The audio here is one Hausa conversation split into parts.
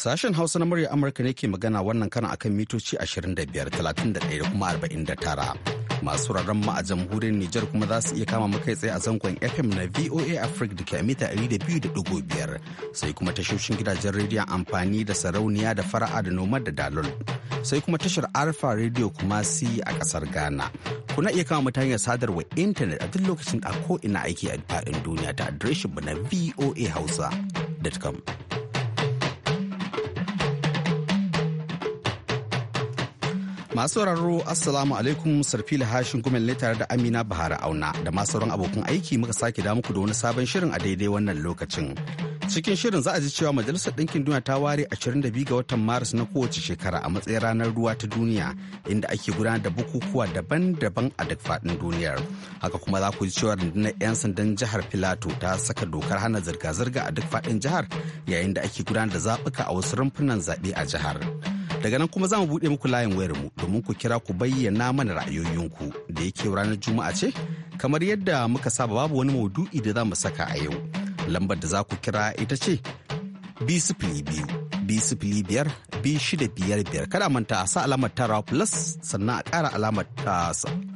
Sashen Hausa na murya Amurka ne ke magana wannan kana akan mitoci 25, 31 da kuma 49. masu rarren ma a jamhuriyar Nijar kuma za su iya kama makai tsaye a zangon FM na VOA Africa da ke a mita 200.5 sai kuma tashoshin gidajen rediyon amfani da sarauniya da fara'a da noma da dalol sai kuma tashar Alpha Radio kuma si a kasar Ghana. Kuna iya kama mutane sadarwa intanet a duk lokacin a ko ina aiki a faɗin duniya ta adireshin na voahausa.com. Masu sauraro Assalamu alaikum Sarfi hashin gumen ne tare da Amina Bahara Auna da masu sauran abokan aiki muka sake da muku da wani sabon shirin a daidai wannan lokacin. Cikin shirin za a ji cewa Majalisar Ɗinkin Duniya ta ware 22 ga watan Maris na kowace shekara a matsayin ranar ruwa ta duniya inda ake gudanar da bukukuwa daban-daban a duk faɗin duniyar. Haka kuma za ku ji cewa rundunar 'yan sandan jihar Filato ta saka dokar hana zirga-zirga a duk faɗin jihar yayin da ake gudanar da zaɓuka a wasu rumfunan zaɓe a jihar. Daga nan kuma za mu buɗe muku layin wayar mu domin ku kira ku bayyana mana ra'ayoyinku da yake ranar Juma'a ce kamar yadda muka saba babu wani maudu'i da za mu saka a yau. Lambar da za ku kira ita ce bi sifili biyar kada manta a sa alamar tara plus sannan a ƙara alamar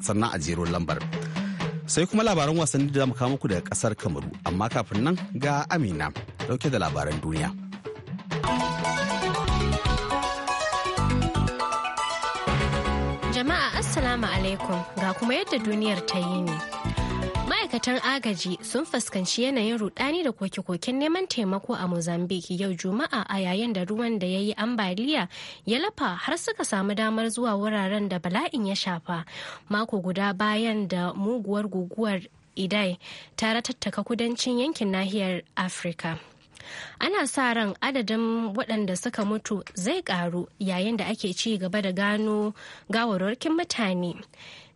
sannan a jero lambar. sai kuma labaran wasanni da mu kawo muku daga kasar kamaru amma kafin nan ga amina dauke da labaran duniya Assalamu alaikum ga kuma yadda duniyar ta yi ne. Ma'aikatan agaji sun fuskanci yanayin rudani da koke-koken neman taimako a Mozambique yau Juma'a a yayin da ruwan da ya yi ambaliya ya lafa har suka samu damar zuwa wuraren da bala'in ya shafa mako guda bayan da muguwar guguwar Idai ta ratattaka kudancin yankin nahiyar Afirka. ana sa ran adadin waɗanda suka mutu zai ƙaru yayin da ake ci gaba da gano gawarwarkin mutane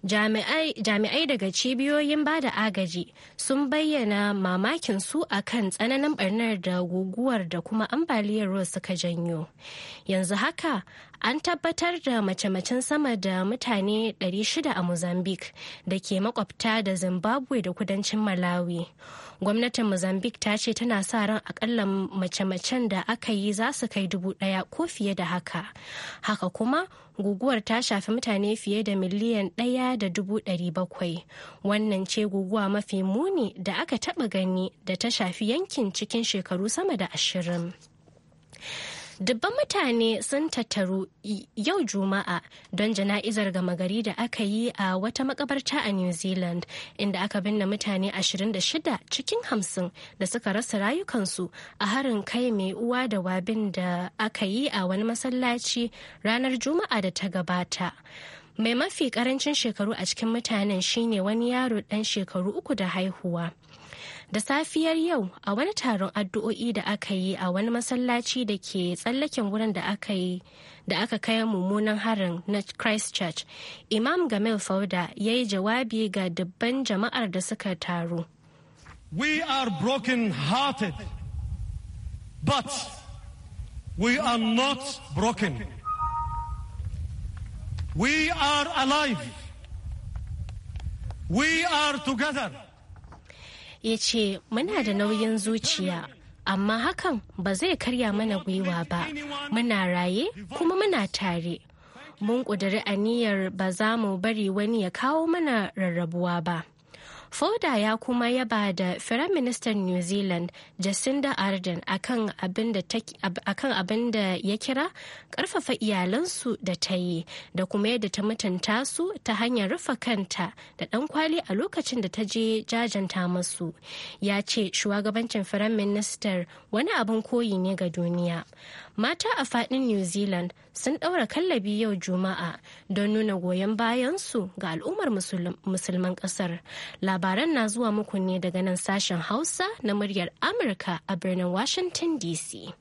jami'ai daga cibiyoyin ba da agaji sun bayyana mamakin su a kan tsananin barnar da guguwar da kuma ambaliyar ruwa suka janyo yanzu haka an tabbatar da mace-macen sama da mutane 600 a mozambique da ke makwabta da zimbabwe da kudancin malawi gwamnatin mozambique ta ce tana sa ran akalla mace-macen da aka yi za su kai dubu daya ko fiye da haka haka kuma guguwar ta shafi mutane fiye da miliyan ɗaya da dubu ɗari bakwai wannan ce guguwa mafi muni da aka taɓa gani da ta shafi yankin cikin shekaru sama da ashirin Dubban mutane sun tattaru yau Juma'a don jana'izar gama gari da aka yi a wata makabarta a New Zealand inda aka binne mutane 26 cikin hamsin da suka rasa rayukansu a harin kai mai uwa da wabin da aka yi a wani masallaci ranar Juma'a da ta gabata. Mai mafi karancin shekaru a cikin mutanen shine wani yaro ɗan shekaru uku da haihuwa. Da safiyar yau a wani taron addu'o'i da aka yi a wani masallaci da ke tsallaken wurin da aka yi da aka kai mummunan harin na Christchurch, Imam Gamal Fauda ya yi jawabi ga dubban jama'ar da suka taru. We are broken hearted, but we are not broken. We are alive. We are together. ya ce muna da nauyin zuciya amma hakan ba zai karya mana gwiwa ba muna raye kuma muna tare mun ƙudiri aniyar ba za mu bari wani ya kawo mana rarrabuwa ba. Foda ya kuma yaba da Firaministan New Zealand Jacinda Ardern akan abin da ya kira ƙarfafa iyalansu da ta yi da kuma yadda ta mutunta su ta hanyar rufe kanta da ɗan kwali a lokacin da ta je jajanta masu. Ya ce shugabancin Firaministar wani abin koyi ne ga duniya. Mata a faɗin New Zealand sun ɗaura kallabi yau Juma'a don nuna goyon bayansu ga al'ummar musulman ƙasar. labaran na zuwa muku ne daga nan sashen Hausa na muryar Amurka a birnin Washington DC.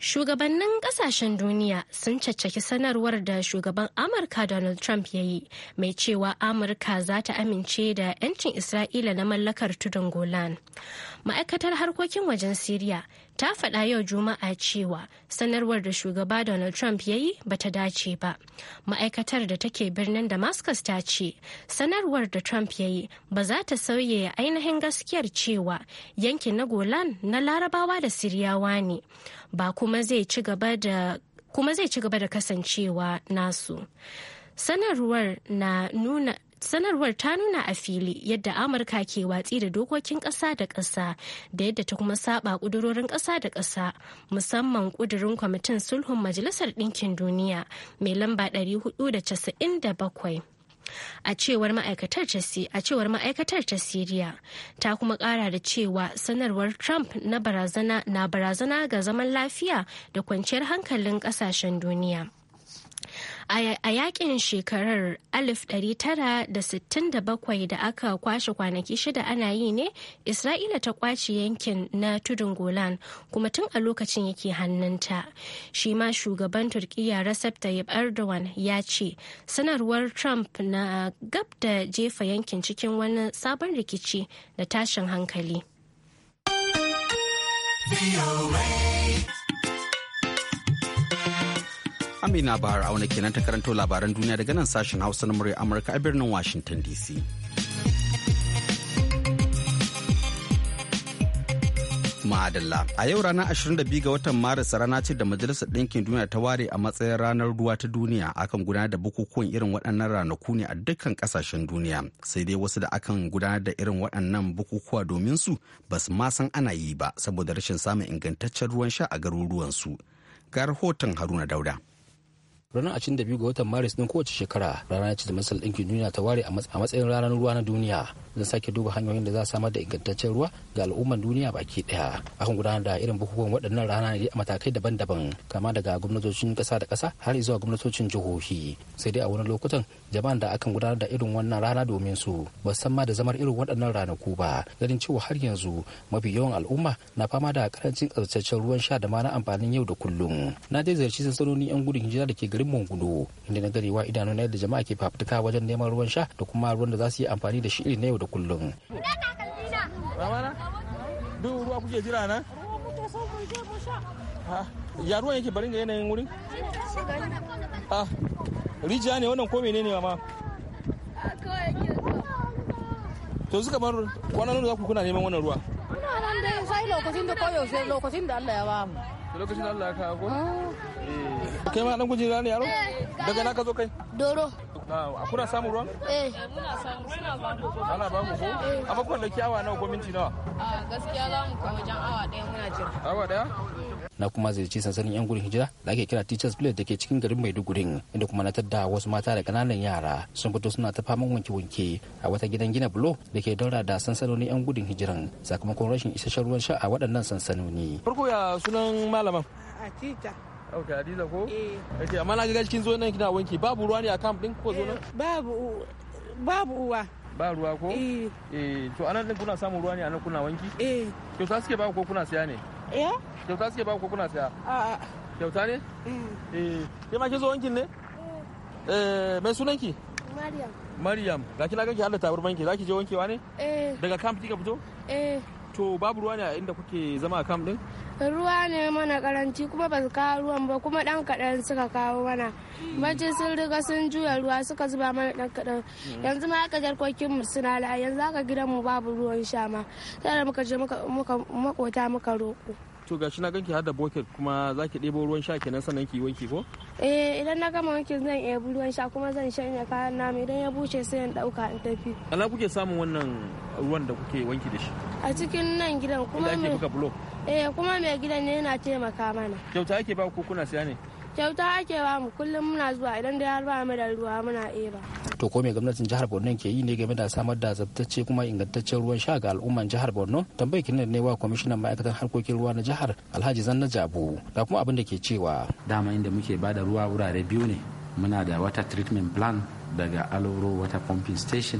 Shugabannin kasashen duniya sun caccaki sanarwar da shugaban Amurka Donald Trump ya yi mai cewa Amurka za ta amince da 'yancin Isra'ila na mallakar tudun Golan. Ma'aikatar harkokin wajen Siriya ta faɗa yau juma'a cewa sanarwar da shugaba donald trump ya yi ba ta dace ba ma'aikatar da take birnin damascus ta ce sanarwar da trump ya yi ba za ta sauye ainihin gaskiyar cewa yankin na golan na larabawa da siriyawa ne ba kuma zai ci gaba da kuma zai ci gaba da kasancewa nasu sanarwar na nuna sanarwar ta nuna a fili yadda amurka ke watsi da dokokin kasa da kasa da yadda ta kuma saba kudurorin kasa da kasa musamman kudurin kwamitin sulhun majalisar ɗinkin duniya mai lamba 497 a cewar ma'aikatar ta a cewar ma'aikatar ta siriya ta kuma kara da cewa sanarwar trump na barazana na barazana ga zaman lafiya da kwanciyar hankalin kasashen duniya A yakin shekarar 1967 da aka kwashe kwanaki shida ana yi ne, Isra'ila ta kwace yankin na tudun Golan kuma tun a lokacin yake hannunta. Shi ma shugaban Turkiyya Recep Tayyip Erdogan ya ce, sanarwar Trump na gab da jefa yankin cikin wani sabon rikici da tashin hankali. Amina Bahar Auna kenan ta karanto labaran duniya daga nan sashen Hausa na murya Amurka a birnin Washington DC. Ma'adalla a yau ranar 22 ga watan Maris rana ce da Majalisar Ɗinkin Duniya ta ware a matsayin ranar ruwa ta duniya akan gudanar da bukukuwan irin waɗannan ranaku ne a dukkan ƙasashen duniya sai dai wasu da akan gudanar da irin waɗannan bukukuwa domin su ba su ma san ana yi ba saboda rashin samun ingantaccen ruwan sha a garuruwansu. Ga rahoton Haruna Dauda. ranar 22 ga watan maris din kowace shekara rana ce da masal ɗinkin duniya ta ware a matsayin ranar ruwa na duniya zan sake duba hanyoyin da za a samar da ingantaccen ruwa ga al'umman duniya baki daya akan gudanar da irin bukukuwan waɗannan rana ne a matakai daban-daban kama daga gwamnatocin kasa da kasa har zuwa gwamnatocin jihohi sai dai a wani lokutan jama'an da akan gudanar da irin wannan rana domin su ba san ma da zamar irin waɗannan ranaku ba ganin cewa har yanzu mafi yawan al'umma na fama da karancin tsaftataccen ruwan sha da ma na amfanin yau da kullum na je ziyarci sansanoni yan gudun hijira da ke garin Mangudo inda na wa idanu na yadda jama'a ke fafutuka wajen neman ruwan sha da kuma ruwan da za su yi amfani da shi irin na yau da kullum. Duk ruwa kuke jira nan? Ruwa muke so mu mu sha. ya ruwan yake barin ga yanayin wurin ah rijiya ne wannan ko menene mama to suka bar kwanan da ku kuna neman wannan ruwa muna nan dai sai lokacin da koyaushe lokacin da Allah ya ba mu lokacin da Allah ya kawo ko ah. kai ma dan gujin ne yaro daga na ka zo kai doro ah, kuna samun ruwan? eh muna samu suna ba mu ko ana ba mu ko eh. amma kun da kiyawa nawa ko minti nawa a ah, gaskiya za mu kai wajen awa daya muna jira awa daya na kuma ziyarci sansanin yan gudun hijira da ake kira teachers village da ke cikin garin maiduguri inda kuma na tadda wasu mata da kananan yara sun fito suna ta faman wanke-wanke a wata gidan gina bulo da ke daura da sansanoni yan gudun hijiran sakamakon rashin isasshen ruwan sha a waɗannan sansanoni. farko ya sunan malaman. tita. Ok, Hadiza ko? Eh. Ok, amma na ga cikin zo nan kina wanke babu ruwa ne a camp ɗin ko zo nan? Eh, babu babu uwa. Ba ruwa ko? Eh. Eh, to anan ɗin kuna samun ruwa ne anan kuna wanki? Eh. To sa suke ba ko kuna siya ne? eh kyauta suke ba ku kuna saya a'a kyauta ne mm. eh ke ma kin zo wankin ne eh, eh mai sunanki Maryam Maryam ga kina ganki Allah tabar banki zaki je wankewa ne eh daga camp kika fito eh to babu ruwa ne a inda kuke zama a camp din ruwa ne mana karanci kuma ba su kawo ruwan ba kuma dan kaɗan suka kawo mana bace sun riga sun juya ruwa suka zuba mana dan kaɗan yanzu ma haka jarkokin mu suna la yanzu haka gidan mu babu ruwan sha ma sai muka je muka makota muka roƙo to gashi na ganki har da bokit kuma za ki ɗebo ruwan sha kenan sannan ki wanki ko eh idan na gama wanki zan iya ruwan sha kuma zan shanya kayan nama idan ya bushe sai in ɗauka in tafi ala kuke samun wannan ruwan da kuke wanki da shi a cikin nan gidan kuma mai eh kuma mai gidan ne yana taimaka mana kyauta ake ba ku kuna siya ne Kyauta ake ba mu kullum muna zuwa idan da har ba mu da ruwa muna eba. To ko me gwamnatin jihar Borno ke yi ne game da samar da zabtacce kuma ingantaccen ruwan sha ga al'umman jihar Borno? Tambayar kin ne wa kwamishinan ma'aikatan harkokin ruwa na jihar Alhaji Zanna Jabu da kuma abin da ke cewa. Dama inda muke ba da ruwa wurare biyu ne. Muna da water treatment plan daga Aloro water pumping station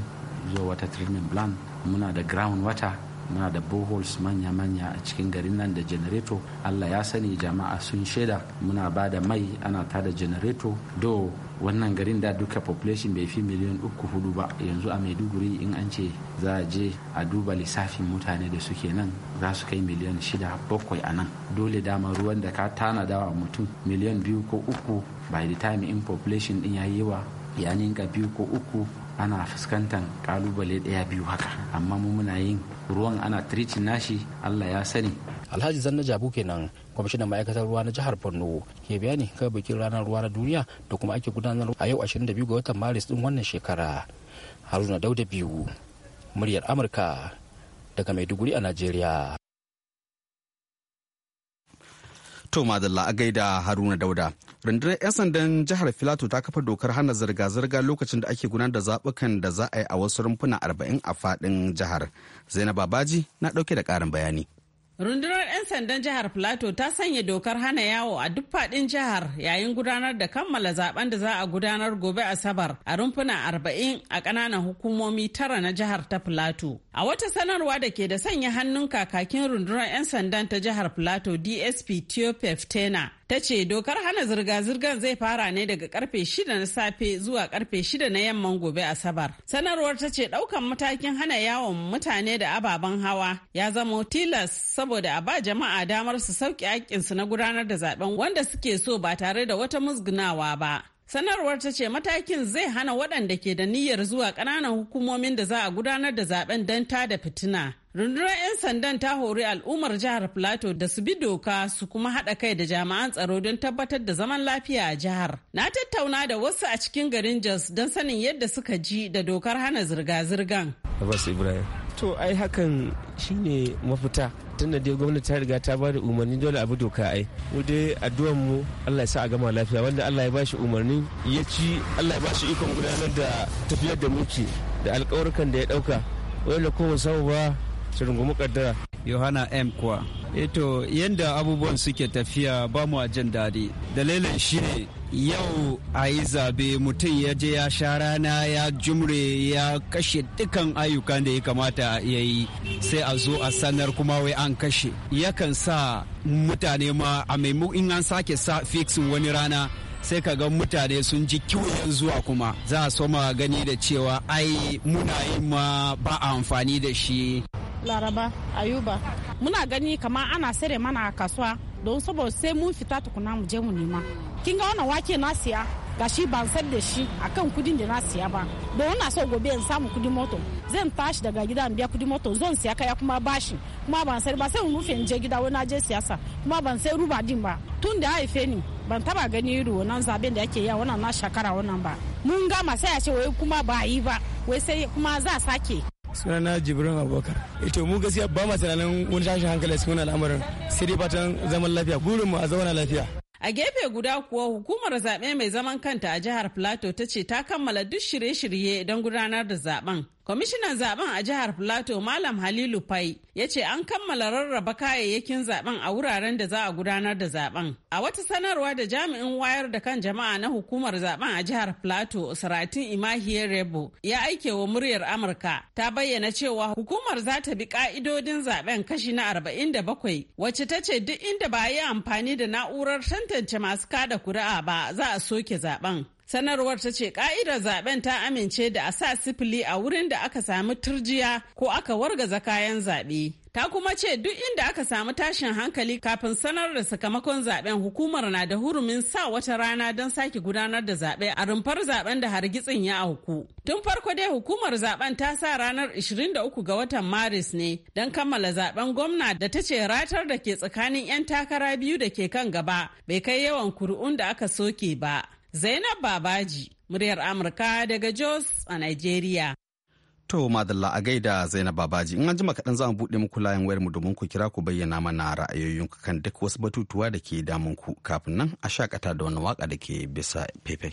zuwa water treatment plan. Muna da ground water na da boholes manya-manya a cikin garin nan da janareto allah ya sani jama'a sun shaida muna ba da mai ana ta da janareto do wannan garin da duka population bai fi miliyan uku hudu ba yanzu a maiduguri in an ce za a je a duba lissafin mutane da suke nan za su kai miliyan shida bakwai a nan dole dama ruwan da ka tanada wa mutum miliyan biyu ko uku by the time in population din ya yi wa ya ninka biyu ko uku ana fuskantar kalubale daya biyu haka amma mu muna yin ruwan ana tiricin nashi allah ya sani alhaji zanna jabu kenan kwamishinan ma'aikatar ruwa na jihar borno ke bayani kan bikin ranar ruwa na duniya da kuma ake gudanar a yau 22 ga watan maris din wannan shekara haruna dauda biyu muryar amurka daga maiduguri a najeriya To madalla a gaida Haruna Dauda. Rundunar 'yan sandan jihar Filato ta kafa dokar hana zirga-zirga lokacin da ake gudanar da zaɓukan da za a yi a wasu rumfuna arba'in a faɗin jihar. Zainab Babaji na ɗauke da ƙarin bayani. Rundunar 'yan sandan jihar Plateau ta sanya dokar hana yawo a duk faɗin jihar yayin gudanar da kammala zaben da za a gudanar gobe Asabar a rumfuna arba'in a ƙananan hukumomi tara na jihar ta Plateau. A wata sanarwa da ke da sanya hannun kakakin rundunar 'yan sandan ta jihar Plateau DSP Teo Peftena ta ce dokar hana zirga-zirgar zai fara ne daga karfe 6 na safe zuwa karfe 6 na yamman gobe asabar sanarwar ta ce daukan matakin hana yawon mutane da ababen hawa ya zama tilas saboda a ba jama'a damar su sauke aikinsu na gudanar da zaben wanda suke so ba tare da wata musgunawa ba Sanarwar ta ce matakin zai hana waɗanda ke da niyyar zuwa ƙananan hukumomin da za a gudanar da zaben don ta da fitina. Rundunar 'yan sandan ta hori al'ummar jihar Plateau da su bi doka su kuma haɗa kai da jami'an tsaro don tabbatar da zaman lafiya a jihar. Na tattauna da wasu a cikin garin Jos don sanin yadda suka ji da dokar hana zirga-zirgan. to ai hakan shine mafita tunda dai gwamnati ta riga ta bada umarni dole abu doka ai mu dai addu'an mu Allah ya sa a gama lafiya wanda Allah ya bashi umarni ya ci Allah ya bashi ikon gudanar da tafiyar da muke da alƙawarkan da ya ɗauka wanda kuma samu ba su rungumi kaddara yohana m kuwa eto eh yadda abubuwan suke tafiya ba mu jin daɗi dalilin ne yau a yi zabe mutum ya je ya sha rana ya jumre ya kashe dukan ayyukan da ya kamata ya yi sai a zo a sanar kuma wai an kashe yakan sa mutane ma a maimakon in an sake sa fixin wani rana sai ka ga mutane sun ji kiwon zuwa kuma za a soma gani da cewa ai muna yi ma ba amfani da shi laraba ayuba muna gani kamar ana sere mana a kasuwa don saboda sai mun fita tukuna mu je mu nema kin ga wannan wake na siya gashi ban san da shi akan kudin da na siya ba don na so gobe in samu kudin moto zan tashi daga gida in biya kudin moto zan siya kaya kuma bashi kuma ban san ba sai mun rufe in je gida wani je siyasa kuma ban san ruba din ba tun da haife ni ban taba gani irin wannan zaben da yake yi wannan na shakara wannan ba mun gama sai ce wai kuma ba yi ba wai sai kuma za sake sunana jibrin abubakar ito eh mu gaskiya ba ma tunanin wani tashin hankali su cikin al'amarin sai dai fatan zaman lafiya burinmu a zauna lafiya a gefe guda kuwa hukumar zaɓe mai zaman kanta a jihar plateau ta ce ta kammala duk shirye-shirye don gudanar da zaɓen. Kwamishinan zaben a jihar plateau Malam Halilu Fai ya ce an kammala rarraba kayayyakin zaben a wuraren da za a gudanar da zaben. A wata sanarwa da jami'in wayar da kan jama'a na hukumar zaben a jihar plateau Saratin Imahiyar Rebo ya aike wa muryar Amurka ta bayyana cewa hukumar za ta bi ka'idodin zaben kashi na arba'in da bakwai wacce ta ce duk inda ba a yi amfani da na'urar tantance masu kada kuri'a ba za a soke zaben. Sanarwar ta ce ka'idar zaben ta amince da a sa sifili a wurin da aka samu turjiya ko aka wargaza kayan zaɓe. Ta kuma ce duk inda aka samu tashin hankali kafin sanar da sakamakon zaben hukumar na da hurumin sa wata rana don sake gudanar da zaɓe a rumfar zaben da hargitsin ya auku. Tun farko dai hukumar zaben ta sa ranar 23 ga watan Maris ne don kammala zaben gwamna da ta ce ratar da ke tsakanin 'yan takara biyu da ke kan gaba bai kai yawan kuri'un da aka soke ba. Zainab Babaji, muryar Amurka daga Jos a Nigeria. To madalla a gaida Zainab Babaji in an jima kaɗan za mu buɗe muku layin wayar mu domin ku kira ku bayyana mana ra'ayoyinku kan duk wasu batutuwa da ke damun ku kafin nan a shakata da wani waka da ke bisa faifai.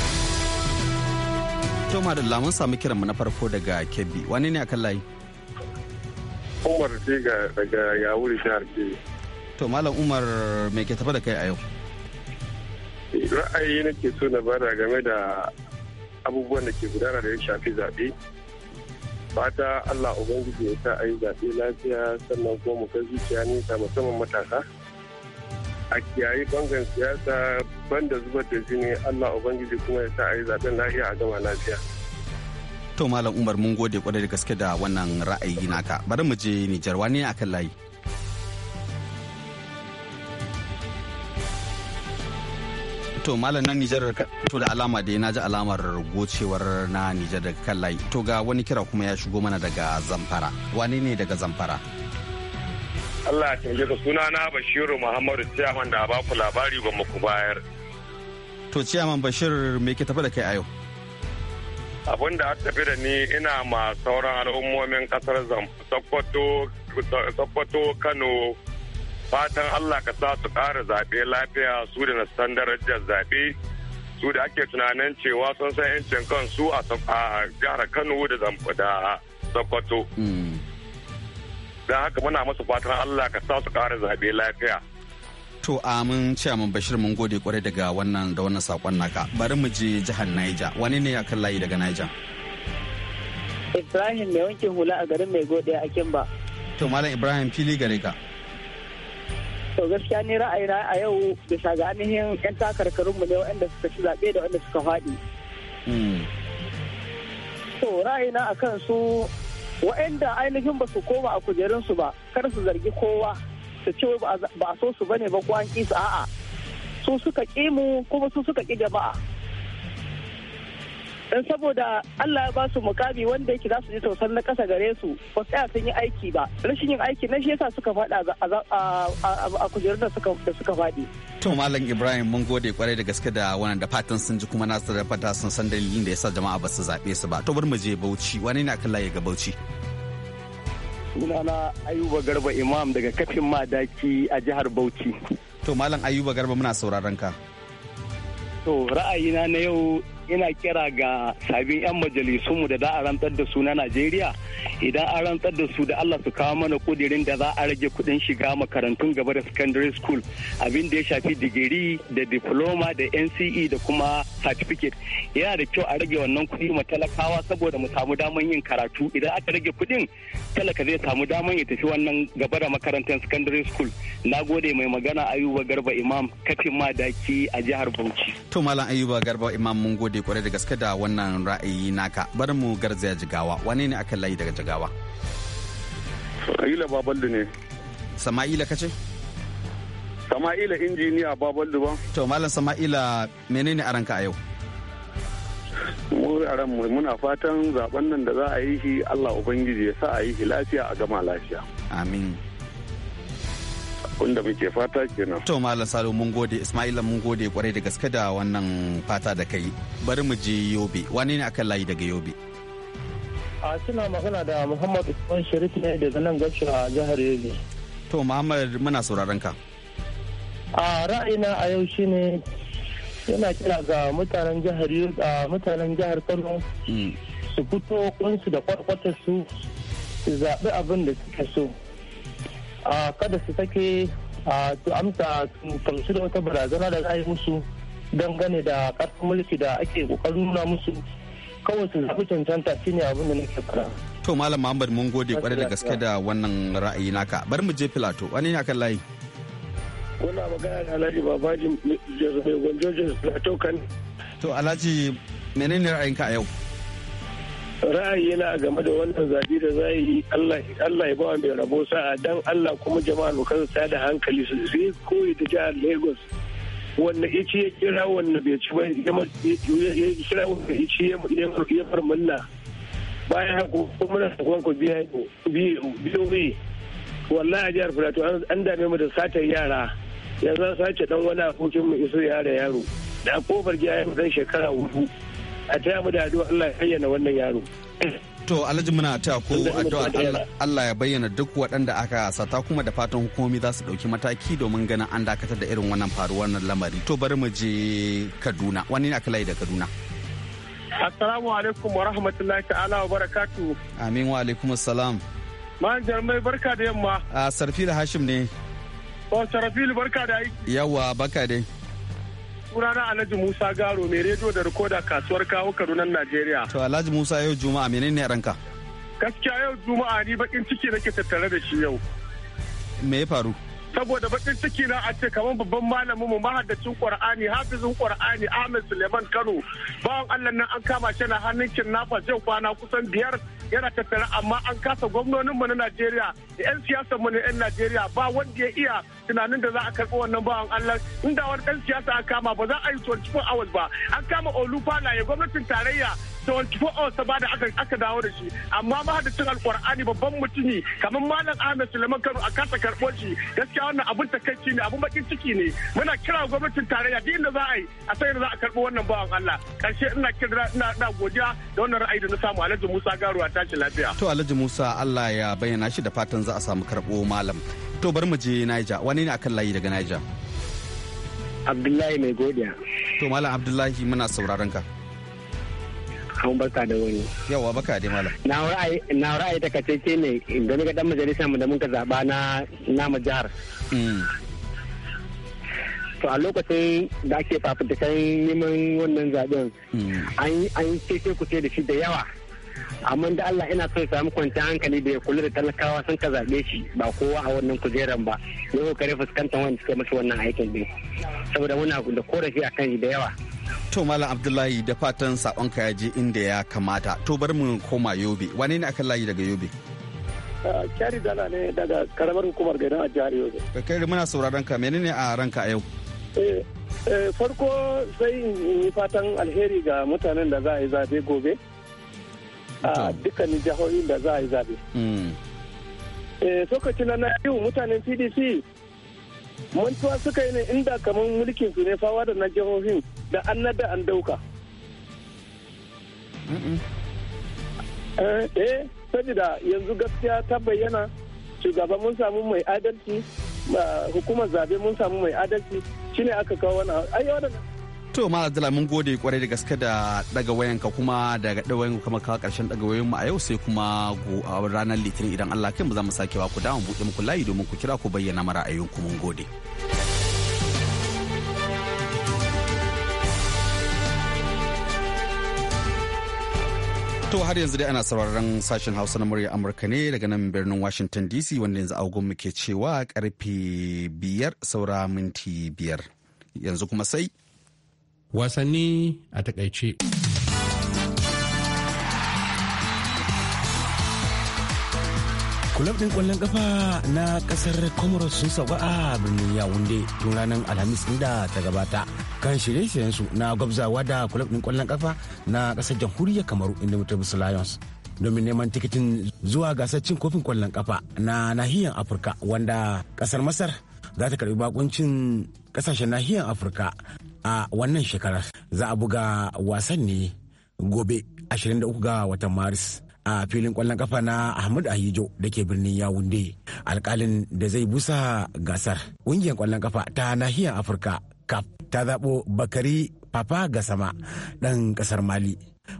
To da lamun samu kiran mu na farko daga Kebbi. Wane ne akan layi? Umar ce daga Yawuri Shahar Kebbi. To Malam Umar me ke tafa da kai a yau? Ra'ayi nake so na bada game da abubuwan da ke gudana da ya shafi zaɓe. Fata Allah Ubangiji ya sa ayi zaɓe lafiya sannan kuma mu kai zuciya nisa musamman matasa. A kiyaye bangon siyasa banda zubar da jini Allah Ubangiji kuma ya sa a yi zaben lafiya a gama lafiya. To Malam Umar mun gode kwarai da gaske da wannan ra'ayi naka. Bari mu je Nijar wani akan layi. To Malam nan Nijar to da alama da na ji alamar gocewar na Nijar daga kan layi. To ga wani kira kuma ya shigo mana daga Zamfara. Wani ne daga Zamfara? Allah ya tambaye ka suna na Bashiru Muhammadu Tiyaman da ba ku labari ba mu ku bayar. To ciyaman Bashir me ke tafi da kai a yau? Abin da tafi da ni ina ma sauran al'ummomin kasar Sokoto Kano fatan Allah ka sa su ƙara zaɓe lafiya su da na san darajar zaɓe su da ake tunanin cewa sun san 'yancin kansu a jihar Kano da da Sokoto. Hmm. Don haka muna masu fatan Allah ka sa su ƙara zaɓe lafiya. To amin ciyaman Bashir mun gode kwarai daga wannan da wannan sakon naka. Bari mu je jihar Niger. Wani ne akan layi daga Niger? Ibrahim mai wankin hula a garin mai gode a Kimba. To Malam Ibrahim fili gare ka. To gaskiya ni ra'ayina a yau bisa ga ainihin 'yan mu ne waɗanda suka ci zaɓe da waɗanda suka faɗi. Hmm. To ra'ayina a kan su waɗanda ainihin ba su koma a kujerunsu ba kar su zargi kowa su ce ba a so su bane ba ko an ki su a'a su suka ƙi mu kuma su suka ƙi jama'a dan saboda Allah ya ba su mukami wanda yake za su ji tausan na kasa gare su ba tsaya sun yi aiki ba rashin yin aiki na shi yasa suka fada a kujerun da suka faɗi. To Malam Ibrahim mun gode kwarai da gaske da wannan da fatan sun ji kuma nasu da fata sun san dalilin da yasa jama'a ba su zaɓe su ba. To bar mu je Bauchi wani ne akan laye ga Bauchi. sunana ayuba garba imam daga kafin madaki a jihar bauchi to malam ayuba garba muna sauraron ka to ra'ayina na yau ina kira ga sabin 'yan majalisunmu da za a rantsar da su na Najeriya idan an rantsar da su da Allah su kawo mana kudirin da za a rage kudin shiga makarantun gaba da secondary school abin da ya shafi digiri da diploma da NCE da kuma certificate yana da kyau a rage wannan kudi ma talakawa saboda mu samu daman yin karatu idan aka rage kudin talaka zai samu daman ya tafi wannan gaba da makarantar secondary school na gode mai magana ayuba garba imam kafin madaki a jihar bauchi to malam ayuba garba imam mun gode gode kwarai da gaske da wannan ra'ayi naka. Bari mu garzaya jigawa. Wane ne akan layi daga jigawa? Sama'ila Babaldu ne. Sama'ila kace? Sama'ila injiniya Babaldu ba. To Malam Sama'ila menene a ranka a yau? mu a mu muna fatan zaben nan da za a yi shi Allah Ubangiji ya sa a yi shi lafiya a gama lafiya. Amin. abin da muke fata kenan to malam salo mun gode ismaila mun gode kwarai da gaske da wannan fata da kai bari mu je yobe wani ne akan layi daga yobe a suna magana da muhammad usman sharif ne daga nan gashi a jihar yobe to muhammad muna sauraron ka a ra'ayina a yau shine yana kira ga mutanen jihar mutanen jihar kano mm. su fito kunsu da kwarkwatar su su zaɓi abin da suka so kada su sake su amsa su da wata barazana da za a yi musu dangane da karfin mulki da ake kokarin nuna musu kawai su zaɓi cancanta ne abin da nake fara. To Malam Muhammad mun gode kwarai da gaske da wannan ra'ayi naka. Bari mu je Filato, wani ne kan layi? Wannan magana da Alhaji Babaji Jesu Mai Gwanjo Jesu Filato kan. To Alhaji menene ra'ayinka a yau? ra'ayi ra'ayina game da wannan zabi da za yi Allah ya bawa mai rabo sa'a don Allah kuma jama'a lokacin ta da hankali su zai koyi da jihar Lagos wanda ice ya kira wanda bai ci ba ya kira wanda ice ya mulla bayan haka kuma na sakon ku biyoyi wallahi a jihar Filato an dame mu da satar yara yanzu an sace dan wani abokin mu iso yara yaro da kofar gida ya dan shekara hudu a taya mu da addu'a Allah ya bayyana wannan yaro to alhaji muna taya ko addu'a Allah ya bayyana duk waɗanda aka sata kuma da fatan hukumomi za su ɗauki mataki domin ganin an dakatar da irin wannan faruwar nan lamari to bari mu je Kaduna wani ne aka layi da Kaduna Assalamu alaikum wa rahmatullahi ta'ala wa barakatu. Amin wa alaikum assalam. Man mai barka da yamma. A ah, Sarfil Hashim ne. Oh Sarfil barka da aiki. Yawwa barka dai. sunana Alhaji Musa Garo mai rediyo da rikoda kasuwar kawo Kaduna Najeriya. To Alhaji Musa yau Juma'a menene ranka? Gaskiya yau Juma'a ni bakin ciki nake tattare da shi yau. Me ya faru? Saboda bakin ciki na a ce kamar babban malamin mu mahaddacin Qur'ani hafizin Qur'ani Ahmed Suleiman Kano bawan Allah nan an kama shi na hannun kidnappers yau kwana kusan biyar yana tattara amma an kasa gwamnonin mu na Najeriya da 'yan siyasa mu na 'yan Najeriya ba wanda ya iya tunanin da za a karɓi wannan bawan Allah inda wani ɗan siyasa an kama ba za a yi 24 hours ba an kama ya gwamnatin tarayya 24 hours ba da aka dawo da shi amma cin alkur'ani babban mutumi kamar malam ahmed suleiman kano a kasa karɓo shi gaskiya wannan abun takaici ne abun bakin ciki ne muna kira gwamnatin tarayya duk inda za a yi a sai za a karɓi wannan bawan allah karshe ina kira ina ina godiya da wannan ra'ayi da na samu alhaji musa garuwa tashi lafiya to alhaji musa allah ya bayyana shi da fatan za a samu karɓo malam to bari mu je naija wani ne akan layi daga naija abdullahi mai godiya to malam abdullahi muna sauraron ka an barka da wani yawa baka da malam na ra'ayi na ra'ayi ta kace ce ne da ga dan majalisa mu da muka zaba na namu jihar mm. to a lokacin da ake fafutukan neman wannan zaben mm. an yi ce ku ce da shi da yawa amma da Allah ina son samu kwanciyar hankali da ya kula da talakawa sun ka zaɓe shi ba kowa a wannan kujeran ba ya kare fuskantar wanda suka mashi wannan aikin din saboda muna da korafi a kan shi da yawa to malam abdullahi da fatan saƙonka ya je inda ya kamata to bar mu koma yobe wane ne akan layi daga yobe ah, kyari dala ne daga karamar hukumar garin a jihar yobe kai muna sauraron ka menene a ranka a yau eh, eh, farko sai yi fatan alheri ga mutanen da za a yi zabe gobe a ah, dukkanin jihohin da za a yi zaɓe. Hmm. Eh, Sokaci na yiwu mutanen PDP mantuwa suka yi ne inda kamar mulkin su ne fawa da na jihohin da an da an dauka. Eh, eh, saboda yanzu gaskiya ta bayyana shugaba mun samu mai adalci hukumar zabe mun samu mai adalci shine aka kawo wani da To ma Dala mun gode kwarai da gaske da daga wayanka kuma daga wayan kuma kawo karshen daga wayoyin mu a yau sai kuma ranar litinin idan Allah kai mu za mu sake ba ku dama buɗe muku layi domin ku kira ku bayyana mara ku mun gode. To har yanzu dai ana sauraron sashen Hausa na murya Amurka ne daga nan birnin Washington DC wanda yanzu agogon mu ke cewa karfe biyar saura minti biyar. Yanzu kuma sai wasanni a takaice. kulab ɗin ƙwallon ƙafa na ƙasar comoros sun sauka a birnin yawunde tun ranar alhamis inda ta gabata kan shirye-shiryensu na gwabzawa da kulab ɗin ƙwallon ƙafa na ƙasar jamhuriyar kamaru inda mutum lions domin neman tikitin zuwa gasar cin kofin ƙwallon ƙafa na nahiyar afirka wanda ƙasar masar za ta karbi bakuncin kasashen nahiyar afirka a wannan shekarar za a buga wasan ne gobe 23 ga watan maris a filin kwallon kafa na ahmad ahijo da ke birnin yawunde alkalin da zai busa gasar ƙungiyar kwallon kafa ta nahiyar afirka cap ta zaɓo bakari papa sama ɗan ƙasar mali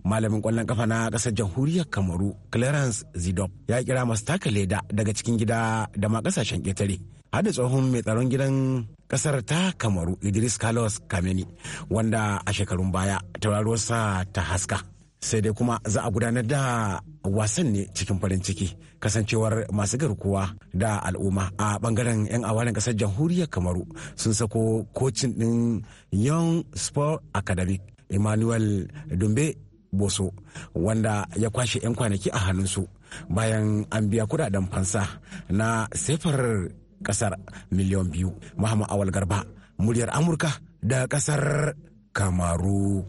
malamin kwallon kafa na ƙasar jamhuriyar kamaru clarence zidop ya kira masu taka leda daga cikin gida da ma ƙasashen ƙetare hada tsohon mai tsaron gidan kasar ta kamaru idris carlos kameni wanda a shekarun baya tauraruwarsa ta haska sai dai kuma za a gudanar da wasan ne cikin farin ciki kasancewar masu garkuwa da al'umma a bangaren 'yan awarin kasar jamhuriyar kamaru sun sako kocin din young sport academy emmanuel dumbe boso wanda ya kwashe 'yan kwanaki a hannunsu bayan an biya kudaden fansa na sefar kasar miliyan biyu muhammad awal garba muryar amurka da kasar kamaru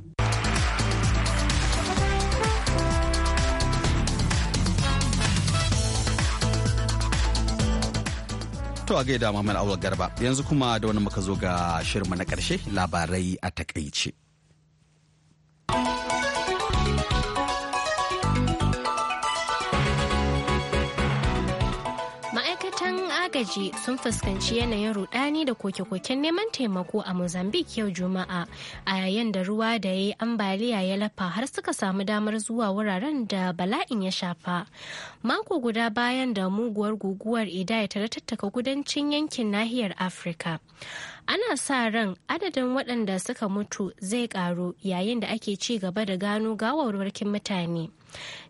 To a gaida Muhammad Awal Garba yanzu kuma da wani muka zo ga shirma na ƙarshe labarai a takaice. Beji sun fuskanci yanayin rudani da koke-koken neman taimako a Mozambique yau Juma'a a yayin da ruwa da ya yi ambaliya ya lafa har suka samu damar zuwa wuraren da bala'in ya shafa. Mako guda bayan da muguwar guguwar Idai ta tattaka kudancin yankin nahiyar Afirka. Ana sa ran adadin waɗanda suka mutu zai ƙaru yayin da ake ci gaba da gano gawarwarkin mutane.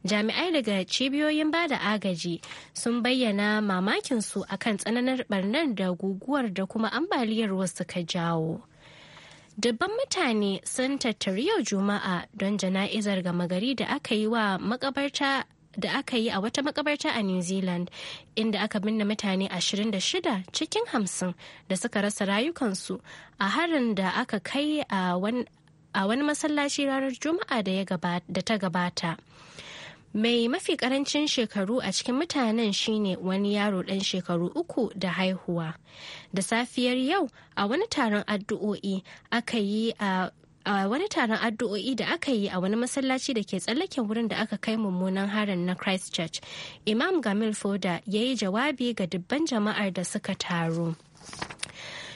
jami'ai daga cibiyoyin ba da agaji sun bayyana mamakinsu akan tsananar barnar da guguwar da kuma ambaliyar wasu ka jawo Dabban mutane sun tattari yau Juma'a don jana'izar gama gari da aka yi wa makabarta da aka yi a wata makabarta a New Zealand inda aka binne mutane 26 cikin 50 da suka rasa rayukansu a harin da aka kai a a wani masallaci ranar juma'a da ta gabata mai mafi karancin shekaru a cikin mutanen shine wani yaro dan shekaru uku da haihuwa da safiyar yau a wani taron addu'o'i aka yi a a wani taron addu'o'i da aka yi a wani masallaci da ke tsallaken wurin da aka kai mummunan harin na christchurch imam gamil foda ya yi jawabi ga dubban jama'ar da suka taru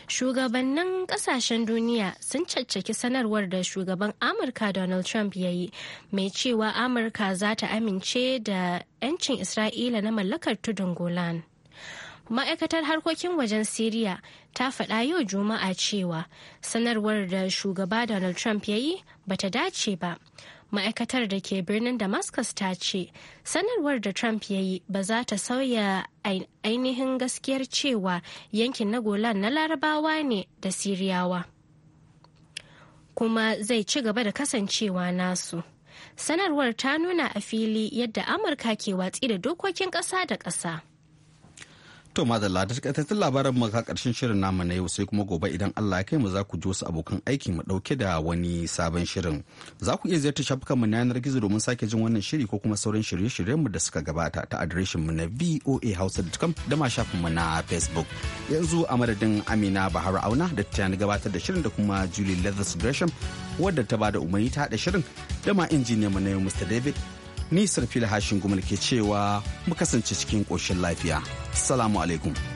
shugabannin kasashen duniya sun caccaki sanarwar da shugaban amurka donald trump ya yi mai cewa amurka za ta amince da 'yancin isra'ila na mallakar tudun golan ma'aikatar harkokin wajen siriya ta faɗa yau juma'a cewa sanarwar da shugaba donald trump ya yi ba ta dace ba ma'aikatar da ke birnin damascus ta ce sanarwar da trump ya yi ba za ta sauya ainihin gaskiyar cewa yankin na golan na larabawa ne da siriyawa kuma zai ci gaba da kasancewa nasu sanarwar ta nuna a fili yadda amurka ke watsi da dokokin ƙasa da ƙasa. To madalla da tattun labaran maka karshen shirin namu na yau sai kuma gobe idan Allah ya kai mu za ku ji wasu abokan aiki mu dauke da wani sabon shirin. Za ku iya ziyarta shafukan mu na yanar gizo domin sake jin wannan shiri ko kuma sauran shirye-shiryen mu da suka gabata ta adireshin mu na voahouse.com da ma shafin mu na Facebook. Yanzu a madadin Amina bahar Auna da ta gabatar da shirin da kuma Julie Leathers Gresham wadda ta bada umarni ta haɗa shirin da ma injiniyan mu na yau Mr. David Nisar fili hashin gumal ke cewa mu kasance cikin ƙoshin lafiya. Salamu alaikum.